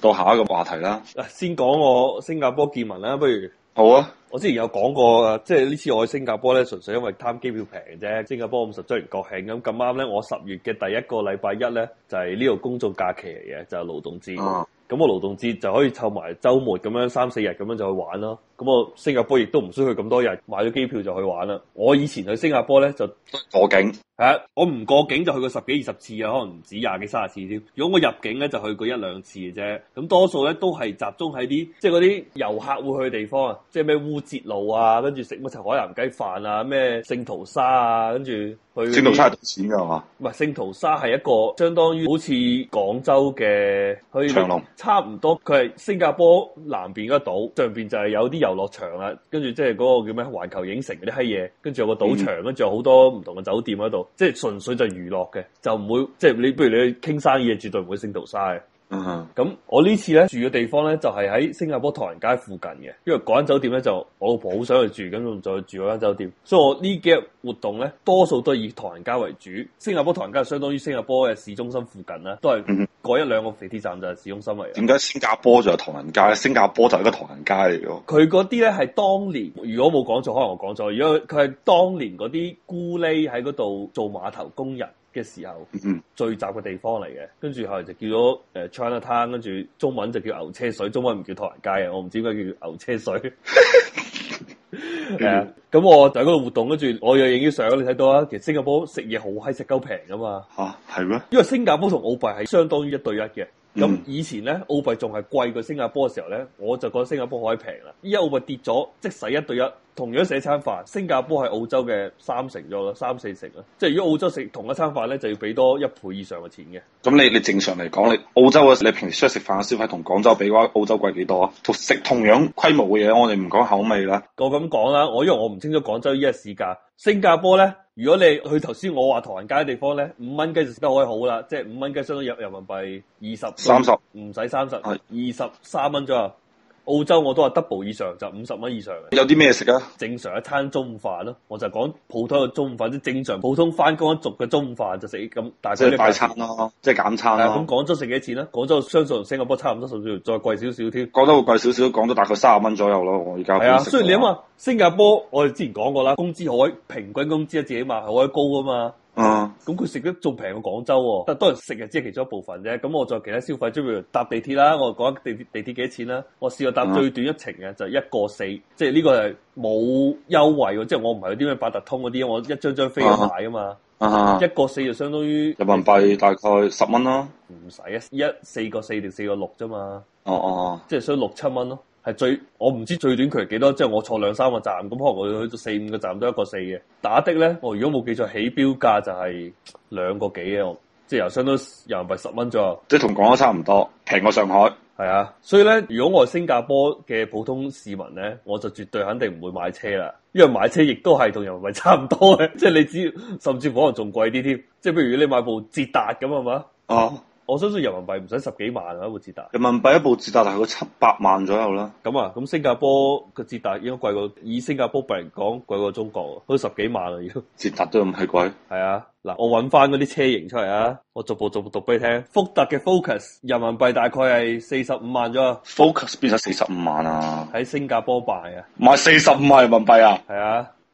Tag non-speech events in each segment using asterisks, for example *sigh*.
到下一個話題啦。嗱，先講我新加坡見聞啦，不如。好啊。我之前有講過，即係呢次我去新加坡咧，純粹因為貪機票平啫。新加坡五十周年國慶咁咁啱咧，我十月嘅第一個禮拜一咧，就係呢個公眾假期嚟嘅，就係、是、勞動節。咁、啊、我勞動節就可以湊埋周末咁樣三四日咁樣就去玩咯。咁我新加坡亦都唔需去咁多日買咗機票就去玩啦。我以前去新加坡咧就過境，係啊，我唔過境就去過十幾二十次啊，可能唔止廿幾三十次添。如果我入境咧就去過一兩次嘅啫。咁多數咧都係集中喺啲即係嗰啲遊客會去嘅地方啊，即係咩烏節路啊，跟住食乜陳海南雞飯啊，咩聖淘沙啊，跟住去。聖淘沙係賺錢㗎嘛？唔係，聖淘沙係一個相當於好似廣州嘅去長隆龍，差唔多。佢係新加坡南邊一個島，上邊就係有啲遊。遊樂場啊，跟住即係嗰個叫咩環球影城嗰啲閪嘢，跟住有個賭場，跟住有好多唔同嘅酒店喺度，即係純粹就娛樂嘅，就唔會即係、就是、你，不如你去傾生意，絕對唔會升到晒。嗯哼，咁我呢次咧住嘅地方咧就係喺新加坡唐人街附近嘅，因為嗰間酒店咧就我老婆好想去住，咁就再住嗰間酒店，所以我呢幾日活動咧多數都係以唐人街為主。新加坡唐人街相當於新加坡嘅市中心附近啦，都係嗰一兩個地鐵站就係市中心嚟。點解新加坡就係唐人街咧？新加坡就係一個唐人街嚟嘅。佢嗰啲咧係當年，如果冇講錯，可能我講錯，如果佢係當年嗰啲咕喱喺嗰度做碼頭工人。嘅時候聚集嘅地方嚟嘅，跟住後嚟就叫咗誒 China Town，跟住中文就叫牛車水，中文唔叫唐人街啊！我唔知點解叫牛車水。誒 *laughs* 、嗯，咁、啊、我就喺嗰度活動，跟住我又影啲相，你睇到啊！其實新加坡食嘢好閪食夠平噶嘛嚇，係咩、啊？因為新加坡同澳幣係相當於一對一嘅，咁以前咧澳幣仲係貴過新加坡嘅時候咧，我就覺得新加坡可以平啦。依家澳幣跌咗，即係一對一。同樣寫餐飯，新加坡係澳洲嘅三成左右，三四成啊！即係如果澳洲食同一餐飯咧，就要俾多一倍以上嘅錢嘅。咁你你正常嚟講，你澳洲嗰時你平時出去食飯嘅消費同廣州比嘅話，澳洲貴幾多啊？同食同樣規模嘅嘢，我哋唔講口味啦。我咁講啦，我因為我唔清楚廣州依個市價，新加坡咧，如果你去頭先我話唐人街嘅地方咧，五蚊雞就食得可以好啦，即係五蚊雞相當於人民幣二十、三十，唔使三十，係二十三蚊左右。澳洲我都話 double 以上就五十蚊以上，有啲咩食啊？正常一餐中午飯咯，我就講普通嘅中午飯，即係正常普通翻工一族嘅中午飯就食咁大，大餐嘅快餐咯，即係減餐啦。咁廣州食幾錢咧？廣州相信同新加坡差唔多，甚至再貴少少添。廣州會貴少少，廣州大概三十蚊左右咯。我而家係啊，所以你諗下，新加坡我哋之前講過啦，工資好平均工資啊，自己嘛好鬼高啊嘛。啊！咁佢食得仲平過廣州喎。哦，但係當然食嘅只係其中一部分啫。咁我再其他消費，即係譬如搭地鐵啦，我講地鐵地鐵幾錢啦，我試過搭最短一程嘅，啊、就係一個四，即係呢個係冇優惠，即係我唔係嗰啲咩八達通嗰啲，我一張張飛去買啊嘛，一個四就相當於人民幣大概十蚊囉，唔使一四個四定四個六啫嘛，哦哦哦，即係需六七蚊咯。最，我唔知最短距離係幾多，即係我坐兩三個站，咁可能我去到四五個站都一個四嘅打的咧。我如果冇記錯，起標價就係兩個幾嘅，我即係由相都人民幣十蚊左右。即係同廣州差唔多，平過上海。係啊，所以咧，如果我係新加坡嘅普通市民咧，我就絕對肯定唔會買車啦，因為買車亦都係同人民幣差唔多嘅，即係你只要甚至可能仲貴啲添。即係譬如你買部捷達咁係嘛。哦。我相信人民幣唔使十幾萬啊，部捷達。人民幣一部捷達大概七百萬左右啦。咁啊，咁新加坡嘅捷達應該貴過，以新加坡幣嚟講貴過中國，都十幾萬啦、啊，要。捷達都咁貴？係啊，嗱，我揾翻嗰啲車型出嚟啊，我逐步逐步讀俾你聽。福特嘅 Focus 人民幣大概係四十五萬啫。Focus 變咗四十五萬啊！喺新加坡賣啊，賣四十五萬人民幣啊！係啊。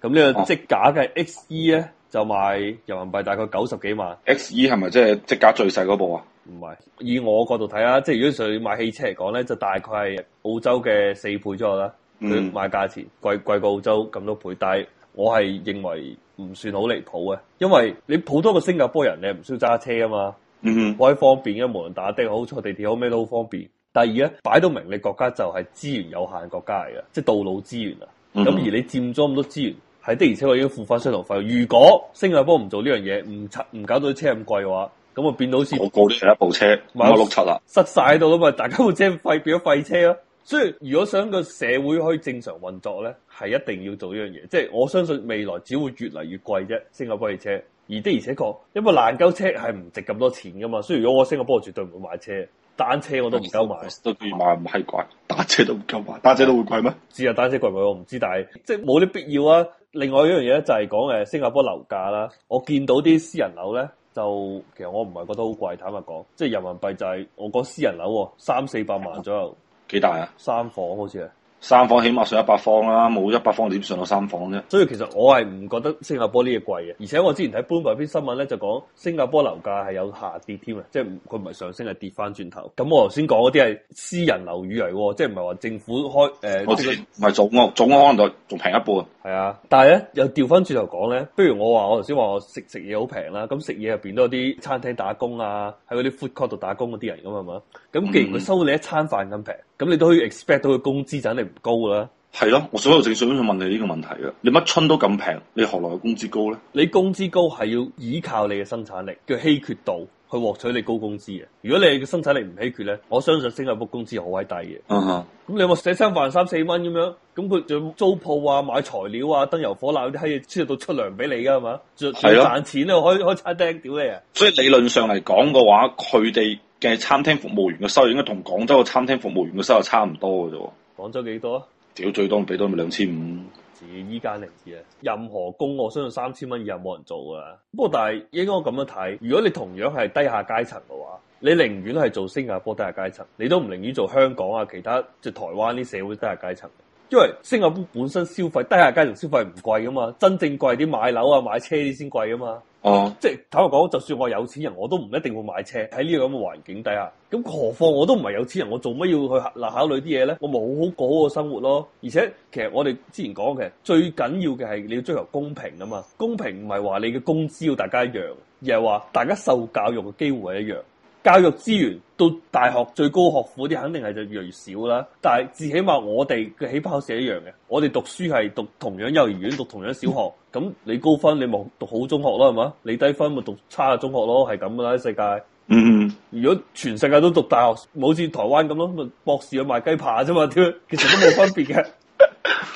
咁呢個即假嘅 X E 咧，就賣人民幣大概九十幾萬。X E 係咪即係即價最細嗰部啊？唔係，以我角度睇下，即係如果上買汽車嚟講咧，就大概係澳洲嘅四倍左右啦。佢買價錢、嗯、貴貴過澳洲咁多倍，但係我係認為唔算好離譜啊，因為你普通嘅新加坡人你唔需要揸車啊嘛，嗯哼、嗯，好方便嘅，無論打的又好，坐地鐵好咩都好方便。第二咧，擺到明，你國家就係資源有限國家嚟嘅，即、就、係、是、道路資源啊。咁、嗯嗯、而你佔咗咁多資源。係的而且我已經付翻商場費，如果新加坡唔做呢樣嘢，唔拆唔搞到啲車咁貴嘅話，咁啊變到好似我過啲係一部車，我六,六七啦，失晒喺度啊嘛！大家會即係廢變咗廢車咯。所以如果想個社會可以正常運作咧，係一定要做呢樣嘢。即係我相信未來只會越嚟越貴啫，新加坡嘅車。而的而且確，因為爛鳩車係唔值咁多錢噶嘛。所以如果我新加坡，我絕對唔會買車，單車我都唔夠買，都唔夠買咁閪貴。單車都唔夠買，單車都會貴咩？知啊，單車貴唔貴我唔知，但係即係冇啲必要啊！另外一樣嘢就係講，誒，新加坡樓價啦，我見到啲私人樓咧就其實我唔係覺得好貴，坦白講，即係人民幣就係、是、我講私人樓三四百萬左右，幾大啊？三房好似啊～三房起碼上一百方啦，冇一百方點上到三房啫。所以其實我係唔覺得新加坡呢嘢貴嘅，而且我之前睇搬過一篇新聞咧，就講新加坡樓價係有下跌添啊，即係佢唔係上升，係跌翻轉頭。咁我頭先講嗰啲係私人樓宇嚟，即係唔係話政府開誒。我知，唔係總個總個可能就仲平一半。係啊，但係咧又調翻轉頭講咧，不如我話我頭先話我食食嘢好平啦，咁食嘢入邊都有啲餐廳打工啊，喺嗰啲 food court 度打工嗰啲人咁係嘛，咁既然佢收你一餐飯咁平，咁你都可以 expect 到佢工資真高啦，係咯、啊，我上有度正想都想問你呢個問題啊！你乜春都咁平，你何來嘅工資高咧？你工資高係要依靠你嘅生產力，叫稀缺度去獲取你高工資嘅。如果你嘅生產力唔稀缺咧，我相信新加坡工資好鬼低嘅。咁、uh huh. 你有冇寫餐飯三四蚊咁樣，咁佢仲租鋪啊、買材料啊、燈油火蠟啲閪嘢，輸入到出糧俾你噶係嘛？係咯，啊、賺錢啊，開開餐廳屌你啊！所以理論上嚟講嘅話，佢哋嘅餐廳服務員嘅收入應該同廣州嘅餐廳服務員嘅收入差唔多嘅啫。廣州幾多啊？屌最多俾多咪兩千五？至依家嚟嘅任何工，我相信三千蚊以上冇人做㗎。不過但係應該我咁樣睇，如果你同樣係低下階層嘅話，你寧願係做新加坡低下階層，你都唔寧願做香港啊，其他即係、就是、台灣啲社會低下階層。因為新加坡本身消費低下階層消費唔貴噶嘛，真正貴啲買樓啊、買車啲先貴啊嘛。哦、oh.，即係坦白講，就算我有錢人，我都唔一定會買車喺呢個咁嘅環境底下。咁何況我都唔係有錢人，我做乜要去考慮啲嘢咧？我咪好好過好個生活咯。而且其實我哋之前講嘅最緊要嘅係你要追求公平啊嘛。公平唔係話你嘅工資要大家一樣，而係話大家受教育嘅機會係一樣。教育資源到大學最高學府啲，肯定係就越嚟越少啦。但係至少話我哋嘅起跑線一樣嘅，我哋讀書係讀同樣幼兒園，讀同樣小學。咁你高分你望讀好中學啦，係嘛？你低分咪讀差嘅中學咯，係咁噶啦。世界，嗯，嗯如果全世界都讀大學，好似台灣咁咯，博士去賣雞扒啫嘛，其實都冇分別嘅。 *laughs*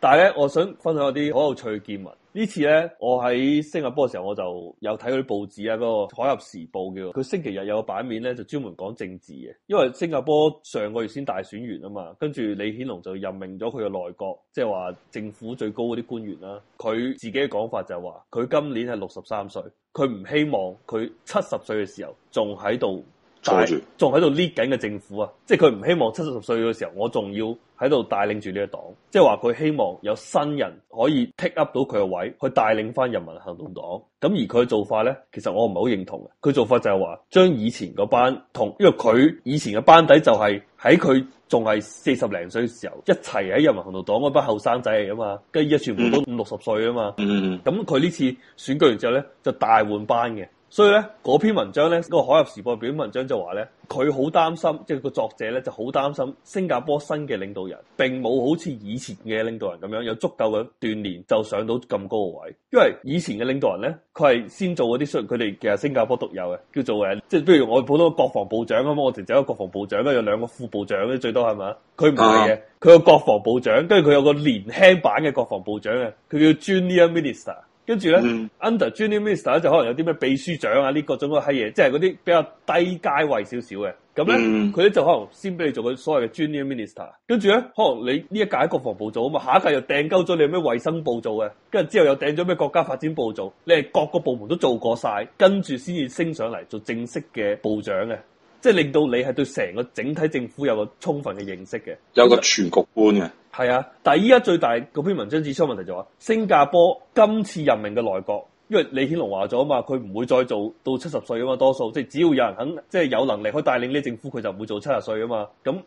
但係咧，我想分享一啲好有趣嘅見聞。次呢次咧，我喺新加坡嘅時候，我就有睇佢報紙啊，嗰、那個《海合時報》嘅。佢星期日有個版面咧，就專門講政治嘅。因為新加坡上個月先大選完啊嘛，跟住李顯龍就任命咗佢嘅內閣，即係話政府最高嗰啲官員啦。佢自己嘅講法就係話，佢今年係六十三歲，佢唔希望佢七十歲嘅時候仲喺度。仲喺度 lead 緊嘅政府啊，即係佢唔希望七十歲嘅時候，我仲要喺度帶領住呢個黨，即係話佢希望有新人可以 take up 到佢個位，去帶領翻人民行動黨。咁而佢嘅做法咧，其實我唔係好認同嘅。佢做法就係話，將以前個班同，因為佢以前嘅班底就係喺佢仲係四十零歲嘅時候，一齊喺人民行動黨嗰班後生仔嚟啊嘛，跟住而家全部都五六十歲啊嘛。嗯嗯。咁佢呢次選舉完之後咧，就大換班嘅。所以咧，嗰篇文章咧，嗰、那個《海峽時報》表篇文章就話咧，佢好擔心，即係個作者咧就好擔心，新加坡新嘅領導人並冇好似以前嘅領導人咁樣有足夠嘅鍛鍊就上到咁高嘅位，因為以前嘅領導人咧，佢係先做嗰啲，佢哋其實新加坡獨有嘅，叫做誒，即係譬如我哋普通國防部長咁，我哋就一個國防部長，跟有兩個副部長咧，最多係咪？佢唔係嘅，佢個國防部長跟住佢有個年輕版嘅國防部長嘅，佢叫 Junior Minister。跟住咧、嗯、under junior minister 咧就可能有啲咩秘書長啊呢，各種嘅閪嘢，即係嗰啲比較低階位少少嘅。咁咧，佢咧、嗯、就可能先俾你做佢所謂嘅 junior minister。跟住咧，可能你呢一屆喺國防部做啊嘛，下一屆又掟鳩咗你咩衞生部做嘅，跟住之後又掟咗咩國家發展部做。你係各個部門都做過晒。跟住先至升上嚟做正式嘅部長嘅，即係令到你係對成個整體政府有個充分嘅認識嘅，有個全局觀嘅。係啊，但係依家最大嗰篇文章指出問題就話、是，新加坡今次任命嘅內閣，因為李顯龍話咗啊嘛，佢唔會再做到七十歲啊嘛，多數即係只要有人肯即係有能力去帶領呢政府，佢就唔會做七十歲啊嘛。咁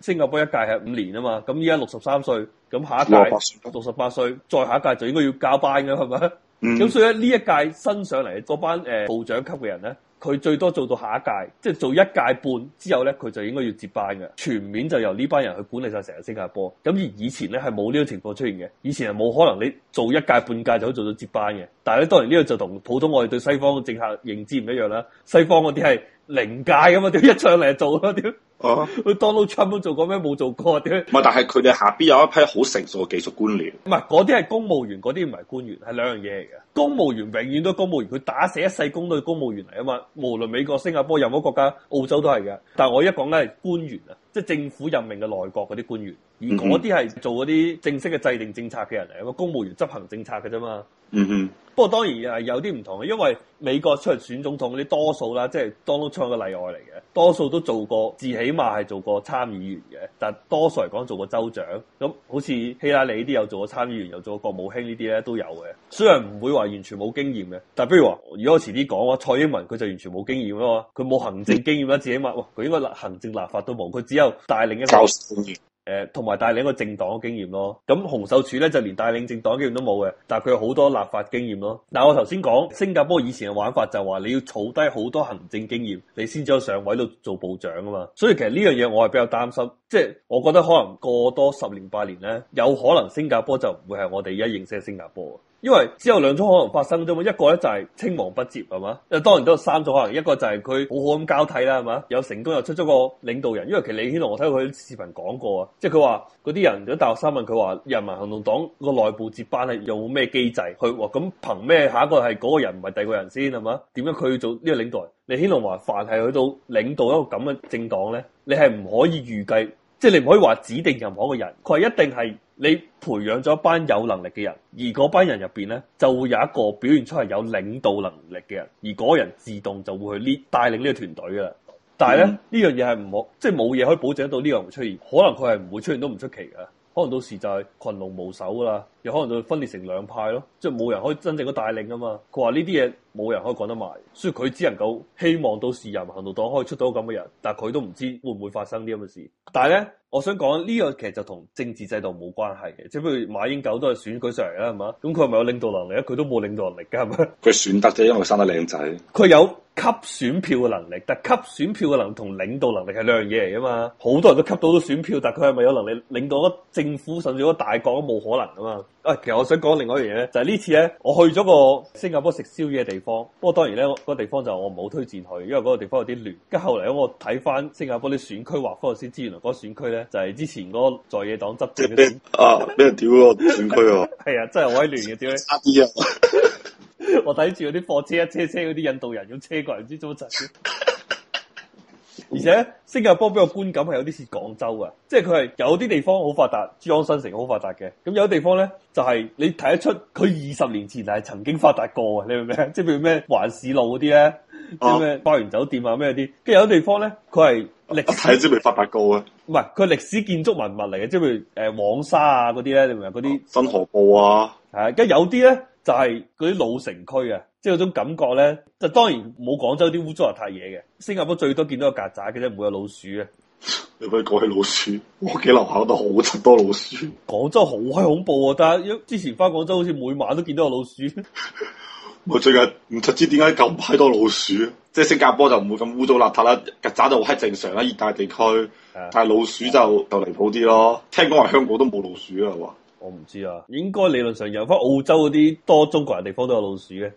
新加坡一屆係五年啊嘛，咁依家六十三歲，咁下一屆六十八歲，再下一屆就應該要加班嘅係咪？咁、嗯、所以呢一屆新上嚟嗰班誒部長級嘅人咧。佢最多做到下一屆，即係做一屆半之後咧，佢就應該要接班嘅，全面就由呢班人去管理晒成個新加坡。咁而以前咧係冇呢個情況出現嘅，以前係冇可能你做一屆半屆就可以做到接班嘅。但係咧，當然呢個就同普通我哋對西方嘅政客認知唔一樣啦。西方嗰啲係。靈界咁啊！屌一上嚟做啊！屌佢 Donald Trump 做過咩？冇做過啊！唔係，但係佢哋下邊有一批好成熟嘅技術官僚。唔係，嗰啲係公務員，嗰啲唔係官員，係兩樣嘢嚟嘅。公務員永遠都公務員，佢打死一世工都係公務員嚟啊嘛！無論美國、新加坡任何國家、澳洲都係嘅。但係我一講咧係官員啊，即係政府任命嘅內閣嗰啲官員。而嗰啲係做嗰啲正式嘅制定政策嘅人嚟，個、mm hmm. 公務員執行政策嘅啫嘛。嗯哼、mm。Hmm. 不過當然係有啲唔同嘅，因為美國出嚟選總統嗰啲多數啦，即係 Donald Trump 嘅例外嚟嘅，多數都做過，至起碼係做過參議員嘅。但多數嚟講做過州長，咁好似希拉里呢啲又做過參議員，又做過國務卿呢啲咧都有嘅。雖然唔會話完全冇經驗嘅，但係比如話，如果我遲啲講話蔡英文佢就完全冇經驗啦，佢冇行政經驗啦，至起碼佢應該行政立法都冇，佢只有帶領一個。誒，同埋帶領一個政黨嘅經驗咯，咁洪秀柱咧就連帶領政黨經驗都冇嘅，但係佢有好多立法經驗咯。嗱，我頭先講新加坡以前嘅玩法就係話，你要儲低好多行政經驗，你先至上位度做部長啊嘛。所以其實呢樣嘢我係比較擔心，即係我覺得可能過多十年八年咧，有可能新加坡就唔會係我哋而家認識嘅新加坡因為只有兩種可能發生啫嘛，一個咧就係青黃不接係嘛，又當然都有三種可能，一個就係佢好好咁交替啦係嘛，有成功又出咗個領導人，因為其實李顯龍我睇佢啲視頻講過啊，即係佢話嗰啲人，如果大學生問佢話人民行動黨個內部接班係有咩機制，佢話咁憑咩？下一個係嗰個人唔係第二個人先係嘛？點解佢要做呢個領導人？李顯龍話凡係去到領導一個咁嘅政黨咧，你係唔可以預計。即係你唔可以話指定任何一個人，佢係一定係你培養咗一班有能力嘅人，而嗰班人入邊咧就會有一個表現出係有領導能力嘅人，而嗰人自動就會去呢帶領呢個團隊噶啦。但係咧呢樣嘢係唔可，即係冇嘢可以保證到呢樣嘢出現，可能佢係唔會出現都唔出奇噶，可能到時就係群龍無首噶啦，又可能就會分裂成兩派咯，即係冇人可以真正嘅帶領啊嘛。佢話呢啲嘢。冇人可以講得埋，所以佢只能夠希望到時人民行動黨可以出到咁嘅人，但係佢都唔知會唔會發生啲咁嘅事。但係咧，我想講呢、這個其實就同政治制度冇關係嘅，只不過譬如馬英九都係選舉上嚟啦，係嘛？咁佢係咪有領導能力啊？佢都冇領導能力㗎，係嘛？佢選得啫，因為生得靚仔。佢有吸選票嘅能力，但係吸選票嘅能力同領導能力係兩樣嘢嚟㗎嘛。好多人都吸到咗選票，但係佢係咪有能力領導一政府，甚至一大國都冇可能㗎嘛？啊、哎，其實我想講另外一樣嘢咧，就係、是、呢次咧，我去咗個新加坡食宵夜嘅地方，不過當然咧，嗰、那個、地方就我冇推薦佢，因為嗰個地方有啲亂。跟住後嚟，我睇翻新加坡啲選區劃法我先知原來嗰選區咧就係、是、之前嗰在野黨執政嘅。啊，你又調嗰個選區喎、啊？係 *laughs* 啊，真係好鬼亂嘅調。差啲啊！ *laughs* 我睇住嗰啲貨車一車車嗰啲印度人要車過嚟，唔知做乜柒。 *laughs* 而且新加坡比較觀感係有啲似廣州啊，即係佢係有啲地方好發達，珠江新城好發達嘅。咁有啲地方咧，就係、是、你睇得出佢二十年前係曾經發達過啊，你明唔明？即係譬如咩環市路嗰啲咧，啊、即係咩花園酒店啊咩啲。跟住有啲地方咧，佢係歷史先未、啊、發達過嘅。唔係佢歷史建築文物嚟嘅，即係譬如誒黃、啊、沙啊嗰啲咧，你明唔明？嗰啲、啊、新河浦啊，係跟、啊、有啲咧就係嗰啲老城區啊。即係嗰種感覺咧，就當然冇廣州啲污糟邋遢嘢嘅。新加坡最多見到個曱甴嘅啫，唔會有老鼠啊！你唔可以講起老鼠，我嘅樓下都好多老鼠。廣州好閪恐怖啊！但係一之前翻廣州好似每晚都見到個老鼠。 *laughs* 我最近唔知點解咁閪多老鼠，即係新加坡就唔會咁污糟邋遢啦，曱甴就好正常啦，熱帶地區。的但係老鼠就就離譜啲咯。聽講話香港都冇老鼠啊，係嘛？我唔知啊，應該理論上由翻澳洲嗰啲多中國人地方都有老鼠嘅。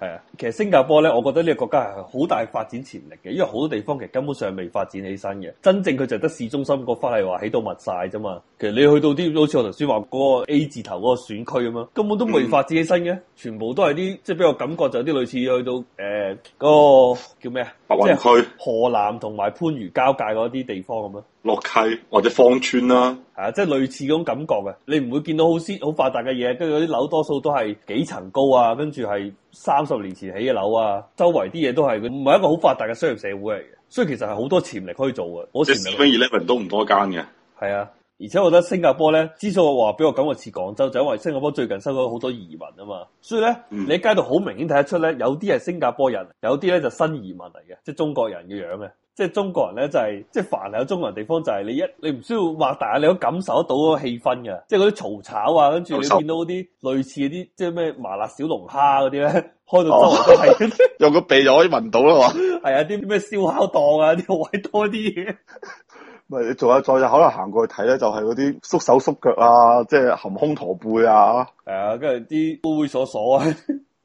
係啊，其實新加坡咧，我覺得呢個國家係好大發展潛力嘅，因為好多地方其實根本上未發展起身嘅。真正佢就得市中心嗰塊係話起到密晒啫嘛。其實你去到啲好似我頭先話嗰個 A 字頭嗰個選區咁啊，根本都未發展起身嘅，全部都係啲即係俾我感覺就有啲類似去到誒嗰、呃嗰個叫咩啊，白雲區即係去河南同埋番禺交界嗰啲地方咁啊。洛溪或者芳村啦、啊，係啊，即係類似嗰種感覺嘅。你唔會見到好先好發達嘅嘢，跟住啲樓多數都係幾層高啊，跟住係三十年前起嘅樓啊。周圍啲嘢都係，唔係一個好發達嘅商業社會嚟嘅。所以其實係好多潛力可以做嘅。我係，二零一五年都唔多間嘅。係啊，而且我覺得新加坡咧，之所以話俾我感覺似廣州，就因為新加坡最近收到好多移民啊嘛。所以咧，嗯、你喺街度好明顯睇得出咧，有啲係新加坡人，有啲咧就新移民嚟嘅，即係中國人嘅樣嘅。即係中國人咧，就係、是、即係凡係有中國人地方，就係、是、你一你唔需要擘大眼，你都感受得到嗰個氣氛嘅。即係嗰啲嘈吵啊，跟住你見到啲類似嗰啲，即係咩麻辣小龍蝦嗰啲咧，開到周圍。用個鼻就可以聞到啦，係 *laughs* 啊，啲咩燒烤檔啊，啲位多啲。咪 *laughs* 你仲有再有可能行過去睇咧，就係嗰啲縮手縮腳啊，即、就、係、是、含胸駝背啊。係啊，跟住啲猥猥瑣瑣啊。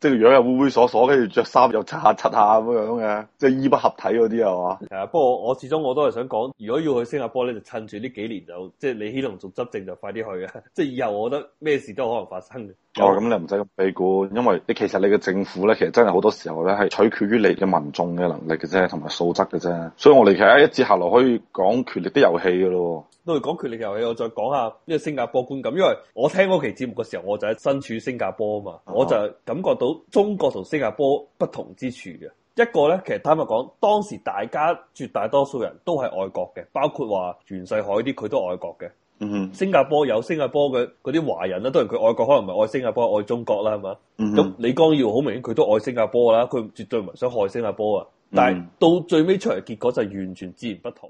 即係樣又猥猥瑣瑣，跟住着衫又拆下拆下咁樣嘅，即係衣不合體嗰啲係嘛？不過我始終我都係想講，如果要去新加坡咧，你就趁住呢幾年就，即係李顯龍做執政就快啲去啊！即以後我覺得咩事都可能發生嘅。哦，咁你唔使咁悲觀，因為你其實你嘅政府咧，其實真係好多時候咧係取決於你嘅民眾嘅能力嘅啫，同埋素質嘅啫。所以我哋其實一節下來可以講權力啲遊戲嘅咯。都係講權力遊戲，我再講下呢個新加坡觀感，因為我聽嗰期節目嘅時候，我就喺身處新加坡啊嘛，我就感覺到中國同新加坡不同之處嘅一個咧，其實坦白講，當時大家絕大多數人都係愛國嘅，包括話袁世凱啲佢都愛國嘅。嗯哼新，新加坡有新加坡嘅嗰啲華人啦，當然佢愛國可能唔係愛新加坡，愛中國啦，係嘛？咁、嗯、哼李光耀好明顯佢都愛新加坡啦，佢絕對唔係想害新加坡啊，但係到最尾出嚟結果就係完全截然不同。